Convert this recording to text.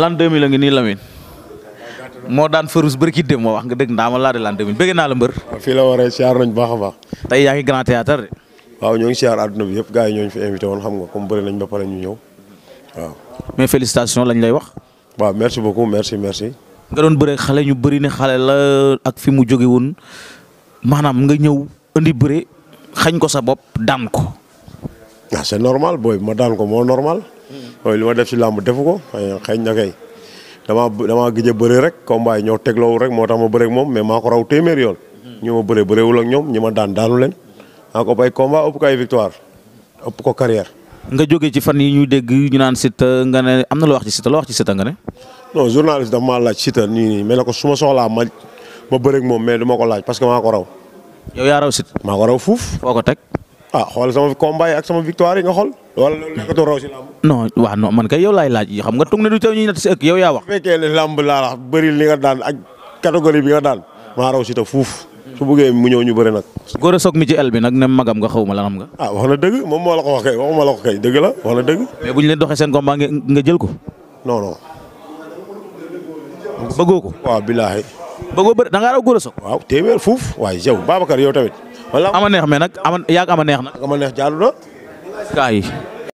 l'an 2000 la ngi nii Lamine moo daan Farouz bërki dem moo wax nga dëgg ndaama laa de l'an 2000 bëgg naa la mbër. waaw fii la waree siyaar nañ baax a baax. te yaa ngi grand théâtre de. waaw ñoo ngi siyaar àdduna bi yëpp gars yi ñooñ ñu fi invité woon xam nga comme mais félicitations lañ lay wax. waaw merci beaucoup merci merci. nga doon bëree xale ñu bëri ne xale la ak fi mu jóge woon maanaam nga ñëw indi bëre xañ ko sa bopp daan ko. waaw ah, c'est normal booy ma daan ko moo normal. li ma def ci làmb defu ko xëy na kay damaa damaa gëj a bëre rek combat yi ñoo tegloowu rek moo tax ma bëre moom mais maa ko raw téeméer yoon. ñu ma bëree bëreewul ak ñoom ñi ma daan daanu leen. maa ko ëpp ay combat ëpp ko ay victoire ëpp ko carrière. nga jógee ci fan yi ñuy dégg ñu naan Siteu nga ne am na loo wax ci Siteu loo wax ci Siteu nga ne. non journaliste dafa ma laaj Siteu nii nii mais ko su ma soxlaa ma ma bëre moom mais du ko laaj parce que maa ko raw. yow yaa raw Siteu. maa ko teg. ah xool sama combat yi ak sama victoire yi nga xool. wala loolu nekkatu raw si man kay yow laay laaj yi xam nga toog na du taw ñuy natt si yaa wax. bu fekkee ne làmb laa wax bëri li nga daan ak bi nga daan maa raw si ta fuuf su bëggee mu ñëw ñu bëri nag. góor a soog mi ci el bi nag ne magam nga xaw ma lan am nga. ah wax na dëgg moom moo la ko wax kay waxuma la ko kay dëgg la wax na dëgg. mais bu ñu leen doxee seen combat nga jël ko. non non. bëggoo ko. waaw billaahi. bëggoo bëri da raw góor a soog. waaw téeméer fuuf waaye yow Babacar yow tamit ama neex mais nag ama yaag ama neex nag. ama neex jaadu na.